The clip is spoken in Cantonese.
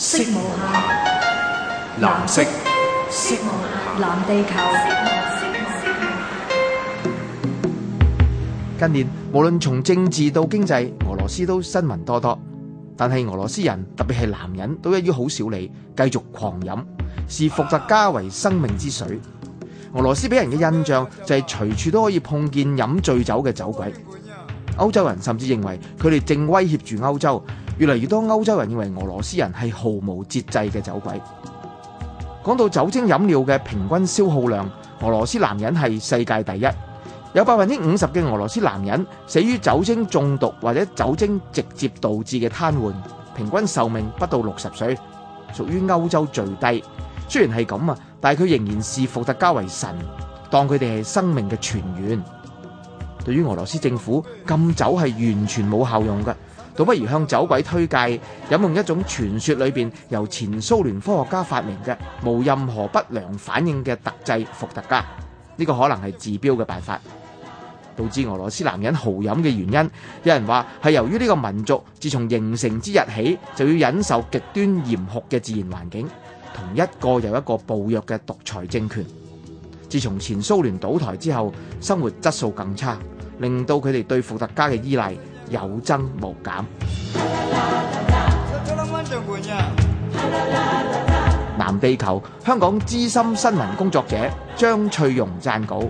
色無限，藍色，色無限，藍地球。近年無論從政治到經濟，俄羅斯都新聞多多，但係俄羅斯人特別係男人都一於好少理，繼續狂飲，視伏特加為生命之水。俄羅斯俾人嘅印象就係隨處都可以碰見飲醉酒嘅酒鬼。歐洲人甚至認為佢哋正威脅住歐洲，越嚟越多歐洲人認為俄羅斯人係毫無節制嘅酒鬼。講到酒精飲料嘅平均消耗量，俄羅斯男人係世界第一，有百分之五十嘅俄羅斯男人死於酒精中毒或者酒精直接導致嘅癱瘓，平均壽命不到六十歲，屬於歐洲最低。雖然係咁啊，但係佢仍然視伏特加為神，當佢哋係生命嘅泉源。對於俄羅斯政府禁酒係完全冇效用嘅，倒不如向酒鬼推介飲用一種傳說裏邊由前蘇聯科學家發明嘅無任何不良反應嘅特製伏特加，呢個可能係治標嘅辦法。導致俄羅斯男人豪飲嘅原因，有人話係由於呢個民族自從形成之日起就要忍受極端嚴酷嘅自然環境，同一個又一個暴虐嘅獨裁政權。自從前蘇聯倒台之後，生活質素更差。令到佢哋對伏特加嘅依賴有增無減。藍地球香港資深新聞工作者張翠容撰稿。